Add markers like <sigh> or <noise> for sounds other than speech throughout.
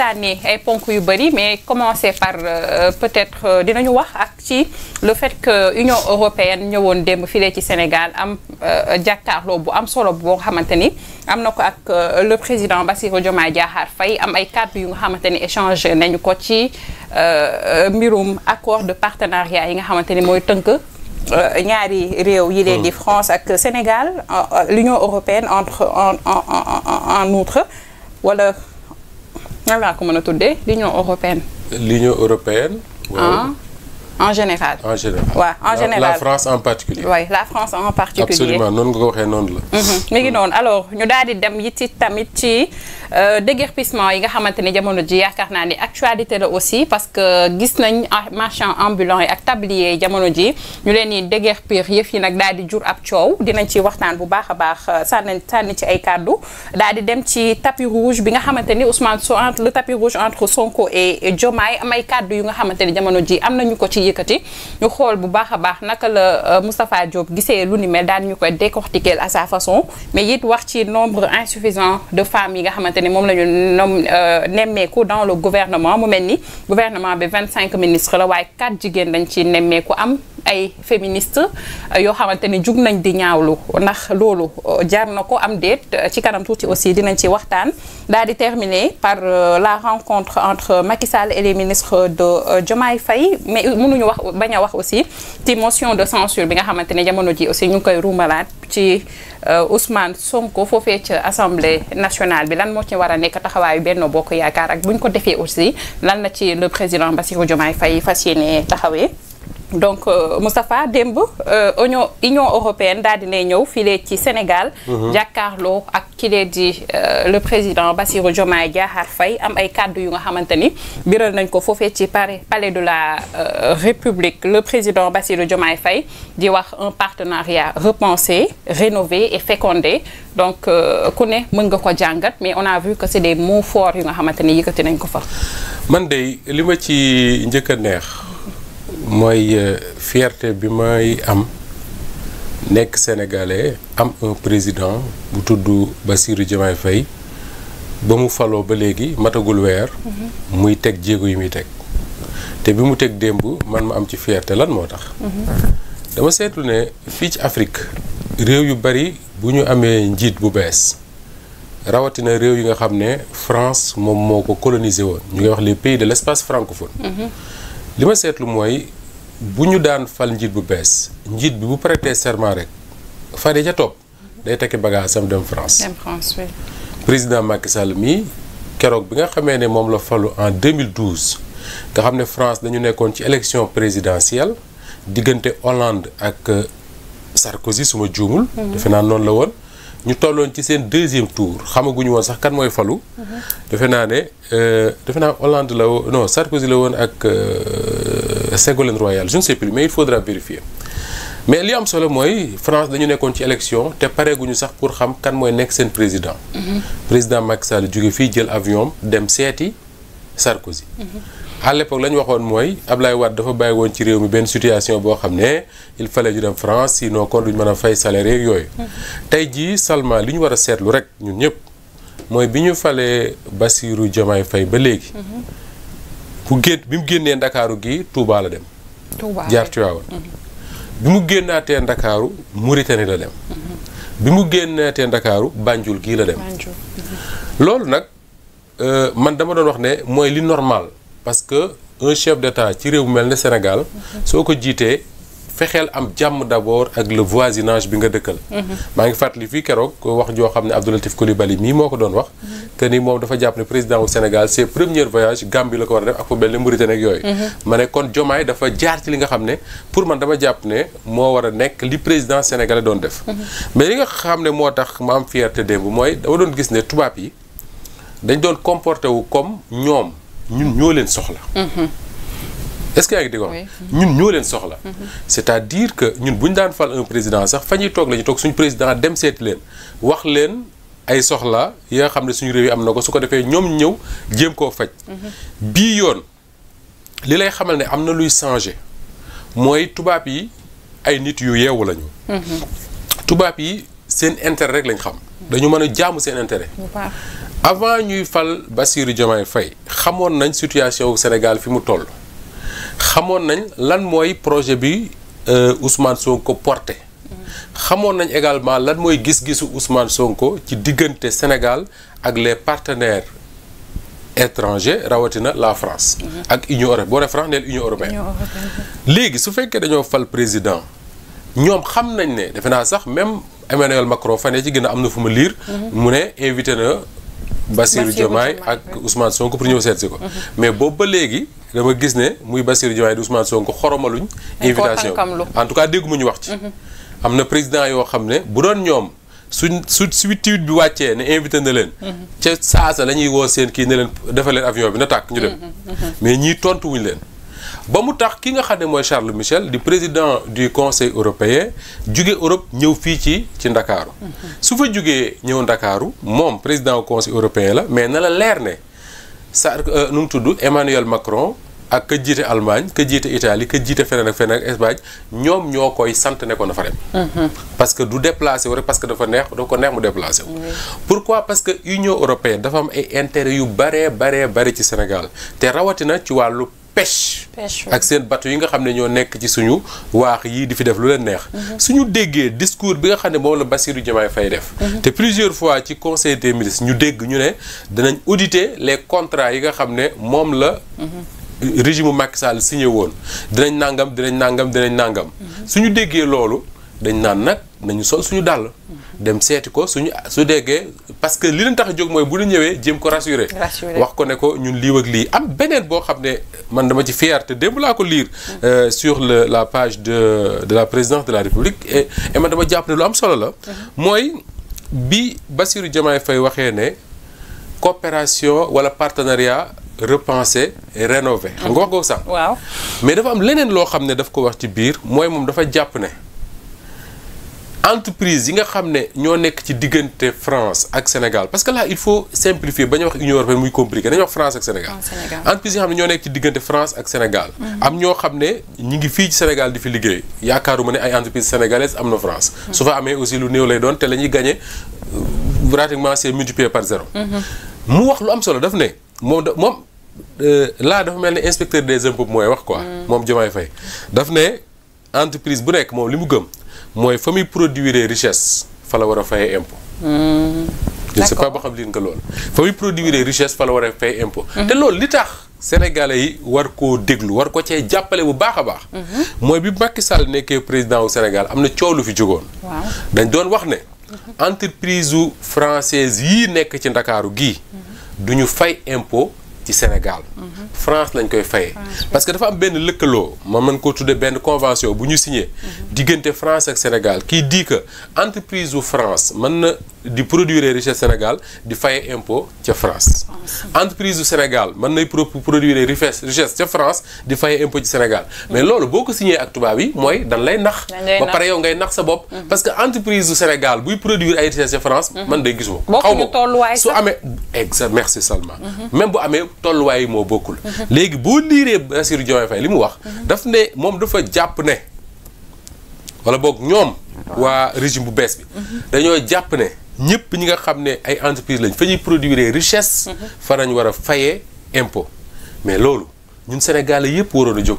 waxtaanee ay ponk yu bëri mais commencer par euh, peut-être euh, dinañu wax ak ci le fait que Union européenne ñëwoon démb file ci Sénégal am euh, jàkkaarloo bu am solo boo xamante ni am na ko ak le président Bassirou Diomaye Diakhar Faye am ay cadres yu nga xamante ni échangé nañu ko ci mbirum accord de partenariat yi nga xamante ni mooy tënk ñaari réew yi leen di hmm. France ak Sénégal l'Union européenne entre en outre wala. nan laa ko mën a tuddee l'union européenne. l'union européenne. Ah. waaw en général. en général waaw en général la France en particulier oui la France en particulier absolument noonu nga ko waxee noonu la. Mhm. mi ngi mm. noonu alors ñu daal di dem yi tamit ci euh, déguerpissement yi nga xamante jamono ji ñu leen di déguerpir yëf yi nag daal di jur ab coow dinañ ci waxtaan bu baax a baax euh, sànni sànni ci ay kàddu daal di dem ci tapis rouge bi nga xamante ni Ousmane so entre le tapis rouge entre Sonko et Diomaye am ay kàddu yu nga xamante jamono ji am nañu ko ci. yëkkati ñu xool bu baax a baax naka la euh, Moustapha Diop gisee lu ni mel daan ñu koy décortiquer à sa façon mais it wax ci nombre insuffisant de femmes yi nga xamante moom la ñu noom euh, nemmeeku dans le gouvernement mu mel ni gouvernement bi 25 la waaye 4 jigéen dañ ci nemmeeku am ay féministes euh, yoo xamante jug nañ di ñaawlu ndax loolu jar na ko am déet ci kanam tuuti aussi dinañ ci waxtaan daal di terminer par la rencontre entre Macky Sall et les ministres mënuñu bañ a wax aussi ti motion de censure bi nga xamante ne jamono ji aussi ñu koy ruumalaat ci euh, Ousmane Sonko foofee ca assemblée nationale bi lan moo ci war a nekk taxawaayu benn Bokk Yaakaar ak buñ ko defee aussi lan la ci le président Bassirou Diomaye Faye fas yéene taxawee. donc euh, Moustapha démb union euh, union européenne daal dinay ñëw filee ci Sénégal mhm. jàkkaarloo ak kilee di euh, le président Bassirou Diomaye Diakhar Faye am ay kàddu yu nga xamante ni biral nañ ko foofee ci palais de la République le président Bassirou Diomaye Faye di wax un partenariat repensé rénové et fécondé donc ku ne mën nga ko jàngat mais on a vu que c'est des mots forts yu nga xamante ni yëkkati nañ ko fa man de lima ma ci njëkk a neex mooy euh, fierte bi may am nekk sénégalais am un président bu tudd Bassirou Diomaye fay ba mu faloo ba léegi matagul weer mhm. muy teg jéego yi muy teg te bi mu teg démb man ma am ci fierté lan moo tax mhm. dama seetlu ne fii ci Afrique réew yu bari bu ñu amee njiit bu bees rawatina réew yi nga xam ne France moom moo ko colonisé woon ñu ngi wax les pays de l'espace francophone mhm. li ma seetlu mooy bu ñu daan fal njiit bu bees njiit bi bu prêter serment rek fan yi ca topp day tekki bagage am dem France. dem France oui. président Macky Sall mii keroog bi nga xamee ne moom la falu en 2012 nga xam ne France dañu nekkoon ci élection présidentielle diggante Hollande ak euh, Sarkozy suma juumul. Mhm. defe naa noonu la woon. ñu tolloon ci seen deuxième tour xamaguñu woon sax kan mooy falu. Mhm. defe naa ne euh, defe naa Hollande la woon non Sarkozy la woon ak. Euh, Ségolène Royal je ne sais plus mais il faudra vérifier mais li am solo mooy France dañu nekkoon ci élection te pareeguñu sax pour xam kan mooy nekk seen président. Mhm. président Macky Sall jóge fii jël avion dem seeti Sarkozy. Mhm. à l'époque la ñu waxoon mooy Ablaye Wade dafa bàyyi woon ci réew mi benn situation boo xam ne il fale ñu dem France sinon kon duñu mën a fay salaire yooyu. Mhm. tey jii seulement li ñu war a seetlu rek ñun ñëpp mooy bi ñu falee Bassirou Diomaye fay ba léegi. bu génn bi mu génnee ndakaaru gi Touba la dem. Touba jaar Tiwaawan mhm. bi mu génnaatee ndakaaru Mauritanie la dem. Mhm. bi mu génnaatee ndakaaru bànjul gii la dem. Mhm. loolu nag euh, man dama doon wax ne mooy li normal parce que un chef d'état ci réew mel ne Sénégal soo ko jiitee. fexeel am jàmm d'abord ak le voisinage bi nga dëkkal. Mhm. maa ngi fàttali fii keroog wax joo xam ne Abdoulatif Coulibaly mii moo ko doon wax. que mhm. ni moom dafa jàpp ne président wu Sénégal ses premiers voyages Gambie la ko war a def ak fu mel ne Mauritanie yooyu. Mhm. ma ne kon Diomaye dafa jaar ci li nga xam ne pour man dama jàpp ne moo war a nekk li président sénégalais doon def. mais li nga xam ne moo tax ma am fierté démb mooy dama doon gis ne tubaab yi dañ doon comporté wu comme ñoom ñun ñoo leen soxla. est que yaa ngi di ko ñun ñoo leen soxla c'est-à-dire que ñun bu ñu daan fal un président sax fa ñuy toog la toog suñu président dem seeti leen wax leen ay soxla yi nga xam ne suñu réew yi am na ko su ko defee ñoom ñëw jéem koo faj mhm. bii yoon li lay xamal ne am na luy changé mooy tubaab yi ay nit yu yeewu lañu mhm. tubaab yi seen intérêt rek lañ xam dañu mën a jàmm seen intérêt avant ñuy fal Bassirou Diomaye fay xamoon nañ situation wu Sénégal fi mu toll xamoon nañ lan mooy projet bi euh, Ousmane Sonko porté. xamoon nañ également lan mooy gis-gisu Ousmane Sonko ci diggante Sénégal ak les partenaires étrangers rawatina la France. Mm-hmm. ak Union européenne boo nee France Union européenne. léegi su fekkee dañoo fal président ñoom xam nañ ne defe naa sax même Emmanuel Macron fan ci gën a am na fu ma liir. Mm-hmm. mu ne invité na. Bassirou Diomaye ak Ousmane Sonko pour ñëw seet si ko. Mm-hmm. mais boobu léegi. dama gis ne muy Bassirou Diomaye di Ousmane Sonko xoromaluñ invitation en tout cas dégguma ñu wax ci mhm. am na président yoo xam ne bu doon ñoom suñ su su tweet bi wàccee ne invité na leen mhm. ca saasa la ñuy woo seen kii ne leen defal leen avion bi na tàkk ñu dem mhm. mais ñii tontu wuñu leen ba mu tax ki nga xam ne mooy Charles Michel di président du conseil européen jóge Europe ñëw fii ci ci Ndakaaru su fa jugee ñëw Ndakaaru moom président conseil européen la mais na leer ne Sar euh, nu mu tudd Emmanuel Macron ak ka jiite Allemagne ka jiite Italie ka feneen ak feneen ak Espagne ñoom ñoo koy sant ne ko dem. Mhm. parce du déplacé wu rek parce que dafa neex dafa ko neex mu déplacé pourquoi parce que Union européenne dafa am ay intérêt yu baree baree bare ci Sénégal te rawatina ci wàllu. pêche ak seen bateau yi nga xam ne ñoo nekk ci suñu waax yii di fi def lu leen neex mhm. suñu déggee discours bi nga xam ne moom la Bassirou Diomaye fay def mhm. te plusieurs fois ci conseil des ministres ñu dégg ñu ne danañ audité les contrat yi nga xam ne moom la mhm. régime Macky Sall signé woon dinañ nangam dinañ nangam dinañ nangam suñu déggee loolu dañ naan nag nañu sol suñu dàll. dem seeti ko suñu su déggee parce que li leen tax jóg mooy bu ñu ñëwee jéem ko rassurer. wax ko ne ko ñun lii ak lii am beneen boo xam ne man dama ci fier te démb laa ko lire. Euh, sur le la page de la président de la république et man dama jàpp ne lu am solo la. mooy bi Bassirou Diomaye fay waxee ne coopération wala partenariat. repenser et rénover. xam nga wax nga ko sax. mais dafa am leneen loo xam ne daf ko wax ci biir mooy moom dafa jàpp ne. entreprise yi nga xam ne ñoo nekk ci diggante France ak Sénégal parce que là il faut simplifier ba ñu wax Union européenne muy compliqué dañu wax France ak Sénégal. entreprise yi nga xam ne ñoo nekk ci diggante France ak Sénégal. Mhm. am ñoo xam ne ñi ngi fii ci Sénégal di fi liggéey yaakaaruma ne ay entreprise sénégalaise am na France. Mhm. su fa amee aussi lu néew lay doon te la ñuy gagné euh, pratiquement c'est multiplié par zéro. Mhm. mu wax lu am solo daf ne moom moom euh, laa dafa mel ni inspecteur des impôts mooy wax quoi. moom Diomaye Faye daf ne entreprise bu nekk moom li mu gëm. mooy famille muy produire richesse fa la war a fayee impôt. Hmm. je ne sais pas ba xam lin nga loolu fa war a fay impôt. Hmm. te loolu li tax sénégalais yi war ko déglu war ko cee jàppale bu baax a baax. Hmm. mooy bi Macky Sall nekkee président wu Sénégal am na coow lu fi jógoon. dañ doon wax ne. entreprise u française yii nekk ci ndakaaru gi du ñu fay impôt. ci Sénégal. France lañ koy fayee. parce que dafa am benn lëkkaloo ma mën koo tuddee benn convention bu ñu signé. Mhm. diggante France ak Sénégal kii dit ko entreprise u France mën na di produire richesse Sénégal di fayee impôt ca France. Ah, entreprise u mën nay produire richesse richesse ca France di fayee impôt ci Sénégal. Mhm. mais loolu boo ko signé ak tubaab yi mooy dan lay nax. ba pare yow ngay nax sa bopp. Mhm. parce que entreprise u Sénégal buy produire ay richesse ca France. man day gisuma. xaw ma su amee exa merci Salma. bu amee. tolluwaay yi moo bokkul. léegi boo liiree Bassirou Diomaye Faye li mu wax. daf ne moom dafa jàpp ne wala boog ñoom. waa régime bu bees bi. dañoo jàpp ne ñëpp ñi nga xam ne ay entreprise lañ fa ñuy produire richesse. fa lañ war a fayee impôt mais loolu. ñun Sénégalais yëpp waroon a jóg.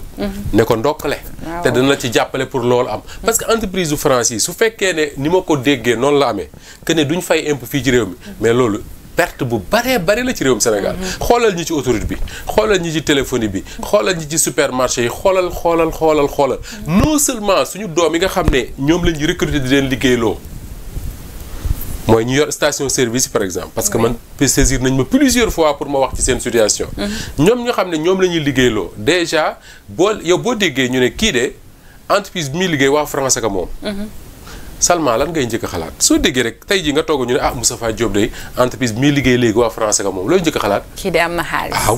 ne ko ndokkale. te dana la ci jàppale pour loolu am. parce que entreprise du France yi su fekkee ne ni ma ko déggee noonu la amee que ne duñ fay impôt fii ci réew mi mais loolu. perte bu baree bari la ci réewum Sénégal mhm. xoolal ñi ci autoroute bi xoolal ñi ci téléphonie bi xoolal ñi ci supermarché yi xoolal xoolal xoolal xoolal mhm. non seulement suñu doom yi nga xam ne ñoom lañuy recruter di leen liggéeyloo mooy ñu yor station service par exemple parce que man saisir nañ ma plusieurs fois pour ma wax ci seen situation mhm. ñoom ñoo xam ne ñoom lañuy ñuy liggéeyloo déjà boo yow boo déggee ñu ne kii de entreprise bi muy liggéey waa France ak moom Salma lan ngay njëkk xalaat soo déggee rek tey ji nga toog ñu ne ah Moustapha Diop day entreprise bi muy liggéey léegi waa français ka moom looy njëkk a xalaat. na xaalis ah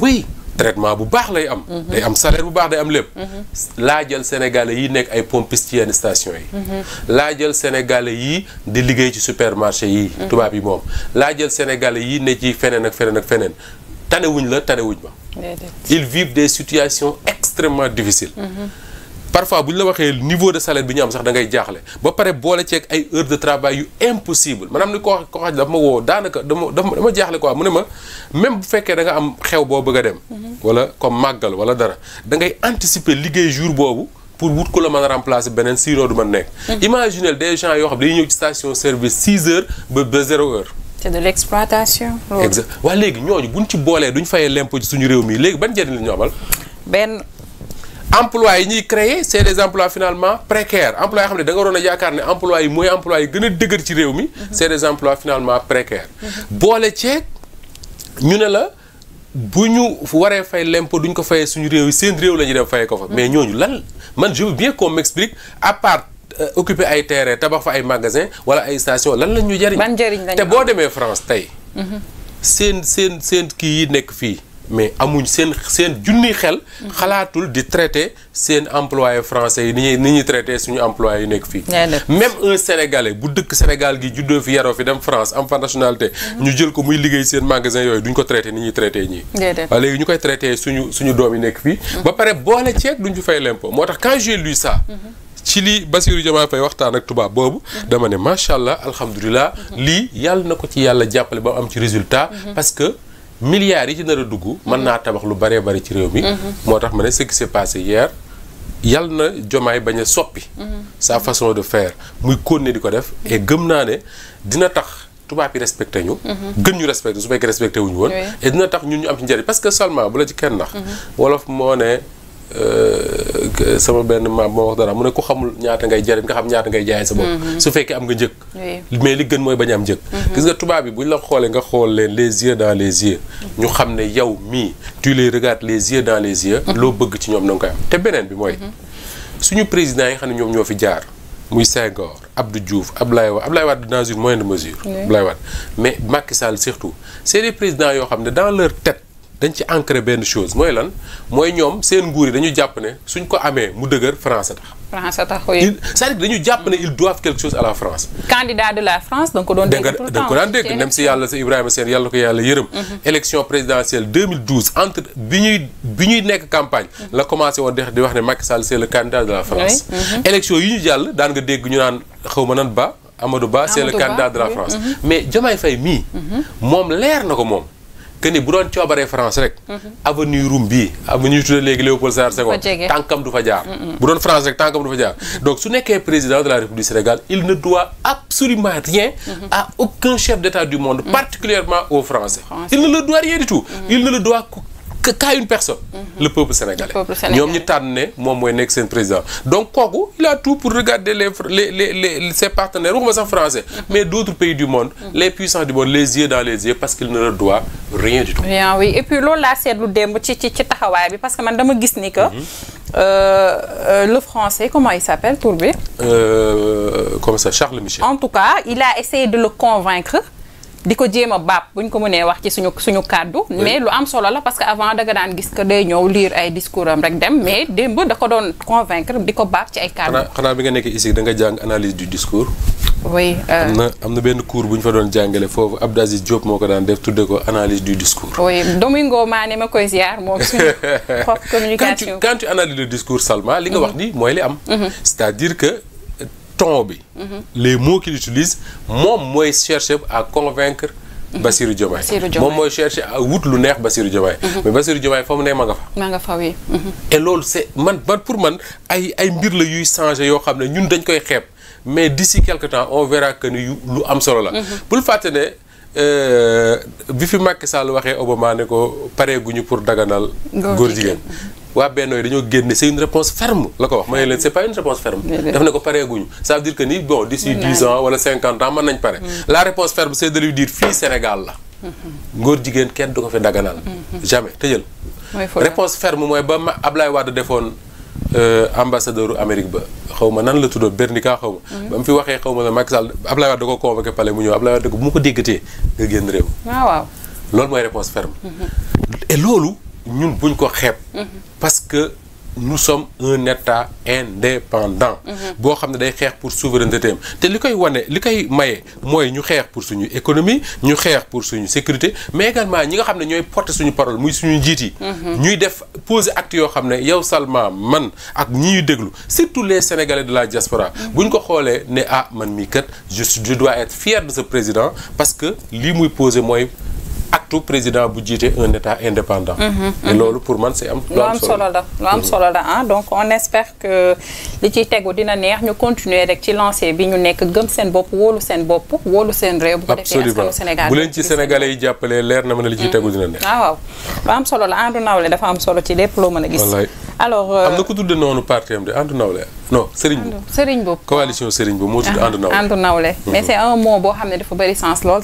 traitement bu baax lay am. Mhm. day am salaire bu baax day am lépp. Mhm. laa jël sénégalais yi nekk ay pompistes ci yenn station yi. Mhm. laa jël sénégalais yi di liggéey ci supermarché yi. tubaab yi moom laa jël sénégalais yi ne ci feneen ak feneen ak feneen tanewuñ la tanewuñ ma. ils vivent des situations extrêmement difficiles. parfois bu ñu la waxee niveau de salaire bi ñu am sax da ngay jaaxle ba pare boole ceeg ay heures de travail yu impossible maanaam ni ko ko xaj dafa ma woo daanaka dama dama jaaxle quoi mu ne ma même bu fekkee da nga am xew boo bëgg a dem. Mhm. wala comme màggal wala dara dangay ngay anticiper liggéey jour boobu. pour wut ko la mën a beneen sinon du mën nekk. Mhm. imaginez des gens yoo xam dañuy ñëw ci station service 6 heures ba ba 0 heure. c'est de l'exploitation. exact waa léegi buñ ci boolee duñ fayee l'impôt ci suñu réew mi léegi ban njëriñ la ñu amal. benn. emploi yi ñuy créer c'est des emplois finalement précaires emploi yoo xam ne da waroon a yaakaar ne emploi yi mooy emploi yi gën a dëgër ci réew mi c'est des emplois finalement précaires boole ceeg ñu ne la bu ñu waree fay l'impôt duñ ko fayee suñu réew yi seen réew la ñuy dem fayee ko fa mais ñooñu lan man je veux bien qu'on m'explique à part euh, occuper ay terrain tabax fa ay magasin wala ay station lan lañ ñu jëriñ te boo demee France tey mhm. seen seen seen kii yi nekk fii mais amuñ seen seen junni xel. xalaatul di traité seen employé français yi ni ñuy ni ñuy traité suñu employé yu nekk fii. même un sénégalais bu dëkk Sénégal gi juddoo fi yaroo fi dem France am fa nationalité. ñu jël ko muy liggéey seen magasin yooyu duñ ko traité ni ñuy traité ñii. waaw léegi ñu koy traité suñu suñu doom yi nekk fii. ba pare boole ceeb duñ fi fay lempo moo tax quand j'ai lu ça. ci lii Bassirou Diomaye Faye waxtaan ak tubaab boobu dama ne macha allah alhamdulilah lii yàlla na ko ci yàlla jàppale ba am ci résultat milliards yi ci nar a dugg mën naa tabax lu bëree bëri ci réew mi mhm. moo tax ma ne ce qui s'est passé hier yal na jomaay bañ a soppi mhm. sa façon de faire muy ne di ko def et gëm naa ne dina tax tubaab yi respecté ñu mhm. gën ñu respecté su fekkee respecté wuñu woon et dina tax ñun ñu am ci njëriñ parce que seulement bu la ci kenn nax wolof moo ne Euh, sama benn maam moo wax dara mu ne ko xamul ñaata ngay jariñ nga xam ñaata ngay jaay sa bopp. Mm-hmm. su fekkee am nga jëkk mais li gën mooy bañ am njëg. Mm-hmm. gis nga tubaab bi buñ la xoolee nga xool leen les yeux dans les yeux. ñu xam ne yow mii tu les regardes les yeux dans les yeux. Mm-hmm. loo bëgg ci ñoom na nga koy am te beneen bi mooy. suñu président yi xam ne ñoom ñoo fi jaar. muy Senghor Abdou Diouf Abdoulaye Wade Abdoulaye Wade dans une moindre mesure. Abdoulaye Wade mais Macky Sall surtout c'est des présidents yoo xam ne dans leur tête. dañ ci ancré benn chose mooy lan mooy ñoom seen nguur yi dañu jàpp ne suñ ko amee mu dëgër France tax. France tax oui. dañu jàpp ne ils doivent quelque chose à la France. candidat de la France da nga ko doon dégg tout da ko daan dégg même si yàlla si Ibrahima Sène yàlla ko yàlla yërëm. Mhm. élection présidentielle 2012 entre bi ñuy ñuy nekk campagne. Mhm. la commencé woon dex di wax ne Macky Sall c'est le candidat de la France. Mhm. élection yi ñu jàll daan nga dégg ñu naan xaw ma nan ba. Amadou Ba c'est le candidat de la France. mais Diomaye Faye mii. moom leer na ko moom. que ni bu doon coobaree France rek. Mhm. avenue Roume bii avenue ñu tuddee léegi Léopold Sédar Senghor. tànkam du fa jaar. Mhm. bu doon France rek tànkam du fa jaar. donc su nekkee président de la République du Sénégal il ne doit absolument rien. Mhm. à aucun chef d'État du monde. particulièrement aux Français. il ne le doit rien du tout. il ne le doit que qu'à une personne. Mm-hmm. le peuple sénégalais ñoom ñu tànn ne moom mooy nekk seen président donc kooku il a tout pour regarder les les les les ses partenaires waxuma français. Mm-hmm. mais d' autres pays du monde. Mm-hmm. les puissants du monde les yeux dans les yeux parce qu'il ne leur doit rien du tout. bien oui et puis loolu laa seetlu démb ci ci ci taxawaay bi parce que man dama gis ni que. Euh, euh, le français comment il s'appelle tur bi. Euh, comme ça Charles Michel. en tout cas il a essayé de le convaincre. di ko jéem a baab buñ ko mënee wax ci suñu suñu kàddu mais lu am solo la parce que avant da nga daan gis que day ñëw lire ay discours am rek dem mais démb da ko doon convaincre di ko baab ci ay kàddu xanaa bi nga nekk ici da nga jàng analyse euh, am na am na benn cours bu ñu fa doon jàngale foofu Abdou Aziz moo ko daan def tudde ko analyse du discours oui Domingo Mané ma koy ziar moom <laughs> suñu prof communication quand discours Salma li nga mhm. wax ni mooy li am mhm. c'est-à-dire que ton bi. les moo qu'il utilise moom mooy chercher à convaincre. Bassirou Diomaye moom mooy chercher à wut lu neex Bassirou Diomaye. Mhm. mais Bassirou Diomaye fa mu ne ma nga fa. ma nga fa oui. Mhm. loolu c'est man man pour man ay ay mbir la yuy changer yoo xam ne ñun dañ koy xeeb mais di si quelque temps on verra que ni lu am solo la. Mhm. bul fàtte ne euh, bi fi Macky Sall waxee Obama ne ko ñu pour daganal. góor waa Benno yi dañoo génne c'est une réponse ferme la ko wax ma ne leen c'est pas une réponse ferme daf ne ko pareeguñu ça veut dire que ni bon d'ici dix ans wala cinquante ans mën nañ pare mm-hmm. la réponse ferme c'est de lui dire fii Sénégal la mm-hmm. ngóor jigéen kenn du ko fi daganal mm-hmm. jamais tëjal réponse ferme mooy ba ma Ablaye Wade defoon euh, ambassadeur Amérique ba xaw ma nan la tuddoo Bernica xaw ma. ba mu fi waxee xaw ma ne Macky Sall Ablaye Wade da ko convoqué palais mu ñëw Ablaye Wade da ko bu mu ko déggatee nga génn réew. waaw ah, waaw loolu mooy réponse ferme. et loolu. ñun buñ ko xeeb. parce que nous sommes un état indépendant. boo xam ne day xeex pour souveraineté am te li koy wane li koy maye mooy ñu xeex pour suñu économie ñu xeex pour suñu sécurité mais également ñi nga xam ne ñooy porte suñu parole muy suñu njiit ñuy def poser acte yoo xam ne yow Salma man ak ñi ñuy déglu surtout les sénégalais de la diaspora. bu ñu ko xoolee ne ah man mii kat je je dois être fier de ce président parce que lii muy poser mooy. surtout président bu jiite un état indépendant. Mhm, mhm. loolu pour man c'est am. lu am solo la lu am mm. solo la ah donc on espère que li ciy tegu dina neex ñu continuer rek ci lancé bi seen réew. bu ko defee ci sénégalais yi ma ne li ciy tegu dina ah, am solo ci lépp loo mën a gis. wallaay alors euh, am na ku tuddee noonu parti am de àndu nawle non Serigne Boub. Serigne Boub coalition Serigne Boub moo tudd àndu ah, nawle. àndu nawle mais mhm. c'est un mot boo xam ne dafa bari sens lool